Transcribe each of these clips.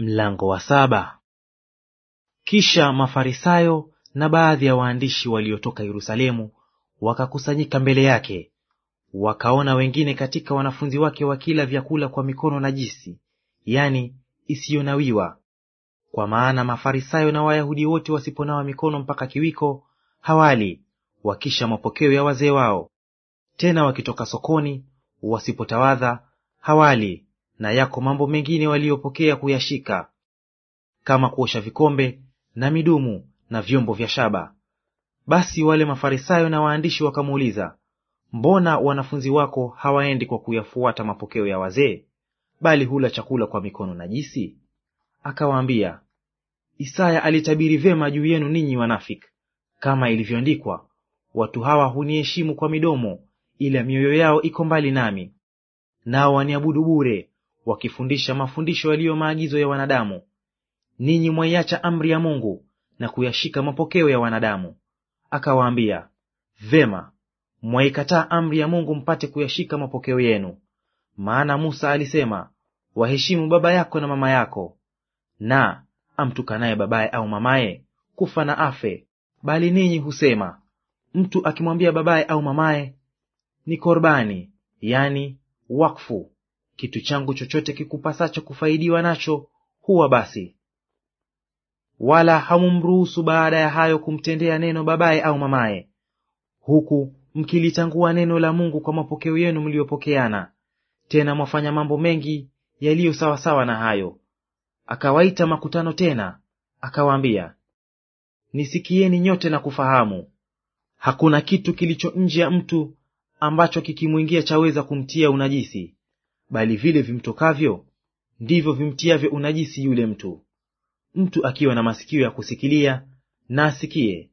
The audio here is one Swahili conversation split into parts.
Mlango wa saba. Kisha Mafarisayo na baadhi ya waandishi waliotoka Yerusalemu wakakusanyika mbele yake, wakaona wengine katika wanafunzi wake wakila vyakula kwa mikono najisi, yani isiyonawiwa. Kwa maana Mafarisayo na Wayahudi wote wasiponawa mikono mpaka kiwiko hawali, wakisha mapokeo ya wazee wao. Tena wakitoka sokoni wasipotawadha hawali, na yako mambo mengine waliyopokea kuyashika, kama kuosha vikombe na midumu na vyombo vya shaba. Basi wale Mafarisayo na waandishi wakamuuliza, mbona wanafunzi wako hawaendi kwa kuyafuata mapokeo ya wazee, bali hula chakula kwa mikono najisi? Akawaambia, Isaya alitabiri vyema juu yenu ninyi wanafiki, kama ilivyoandikwa, watu hawa huniheshimu kwa midomo, ila mioyo yao iko mbali nami, nao waniabudu bure, wakifundisha mafundisho yaliyo maagizo ya wanadamu, ninyi mwaiacha amri ya Mungu na kuyashika mapokeo ya wanadamu. Akawaambia, vema, mwaikataa amri ya Mungu mpate kuyashika mapokeo yenu. Maana Musa alisema, waheshimu baba yako na mama yako, na amtukanaye babaye au mamaye kufa na afe. Bali ninyi husema, mtu akimwambia babaye au mamaye, ni korbani, yani wakfu, kitu changu chochote kikupasacho kufaidiwa nacho huwa basi. Wala hamumruhusu baada ya hayo kumtendea neno babaye au mamaye, huku mkilitangua neno la Mungu kwa mapokeo yenu mliyopokeana. Tena mwafanya mambo mengi yaliyo sawasawa na hayo. Akawaita makutano tena, akawaambia, nisikieni nyote na kufahamu. Hakuna kitu kilicho nje ya mtu ambacho kikimwingia chaweza kumtia unajisi bali vile vimtokavyo ndivyo vimtiavyo unajisi yule mtu. Mtu akiwa na masikio ya kusikilia na asikie.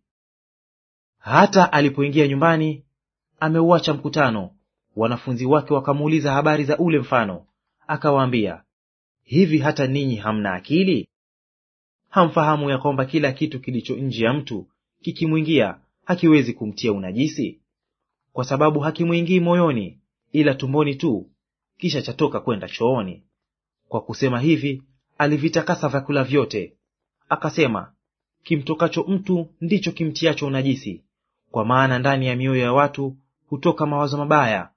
Hata alipoingia nyumbani, ameuacha mkutano, wanafunzi wake wakamuuliza habari za ule mfano. Akawaambia, hivi hata ninyi hamna akili? Hamfahamu ya kwamba kila kitu kilicho nje ya mtu kikimwingia hakiwezi kumtia unajisi? Kwa sababu hakimwingii moyoni, ila tumboni tu, kisha chatoka kwenda chooni. Kwa kusema hivi alivitakasa vyakula vyote. Akasema, kimtokacho mtu ndicho kimtiacho unajisi, kwa maana ndani ya mioyo ya watu hutoka mawazo mabaya,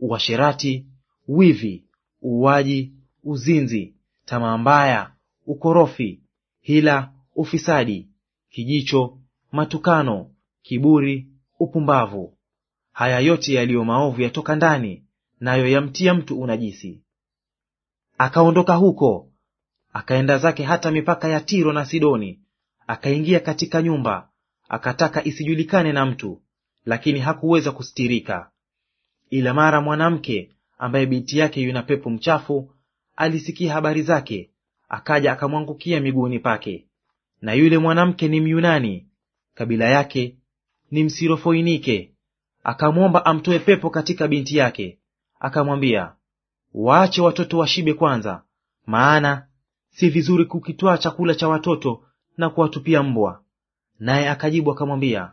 uasherati, wivi, uuaji, uzinzi, tamaa mbaya, ukorofi, hila, ufisadi, kijicho, matukano, kiburi, upumbavu. Haya yote yaliyo maovu yatoka ndani nayo yamtia mtu unajisi. Akaondoka huko akaenda zake hata mipaka ya Tiro na Sidoni, akaingia katika nyumba, akataka isijulikane na mtu, lakini hakuweza kustirika. Ila mara mwanamke ambaye binti yake yuna pepo mchafu alisikia habari zake, akaja akamwangukia miguuni pake. Na yule mwanamke ni Myunani, kabila yake ni Msirofoinike, akamwomba amtoe pepo katika binti yake akamwambia, waache watoto washibe kwanza, maana si vizuri kukitwaa chakula cha watoto na kuwatupia mbwa. Naye akajibu akamwambia,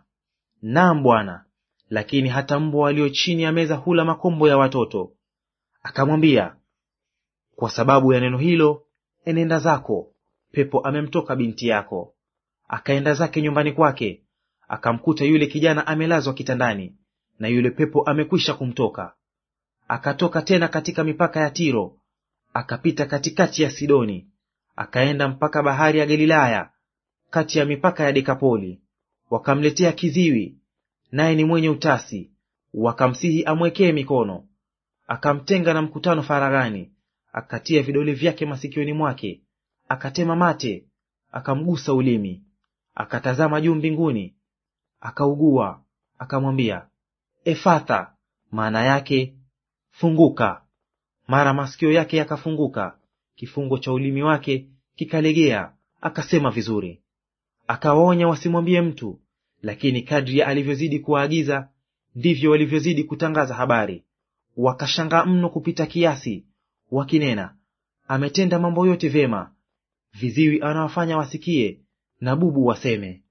naam Bwana, lakini hata mbwa walio chini ya meza hula makombo ya watoto. Akamwambia, kwa sababu ya neno hilo, enenda zako, pepo amemtoka binti yako. Akaenda zake nyumbani kwake, akamkuta yule kijana amelazwa kitandani, na yule pepo amekwisha kumtoka akatoka tena katika mipaka ya Tiro, akapita katikati ya Sidoni, akaenda mpaka bahari ya Galilaya kati ya mipaka ya Dekapoli. Wakamletea kiziwi, naye ni mwenye utasi, wakamsihi amwekee mikono. Akamtenga na mkutano faraghani, akatia vidole vyake masikioni mwake, akatema mate, akamgusa ulimi, akatazama juu mbinguni, akaugua. Akamwambia, Efatha, maana yake funguka! Mara masikio yake yakafunguka, kifungo cha ulimi wake kikalegea, akasema vizuri. Akawaonya wasimwambie mtu, lakini kadri alivyozidi kuwaagiza ndivyo walivyozidi kutangaza habari. Wakashangaa mno kupita kiasi, wakinena, ametenda mambo yote vyema. Viziwi anawafanya wasikie na bubu waseme.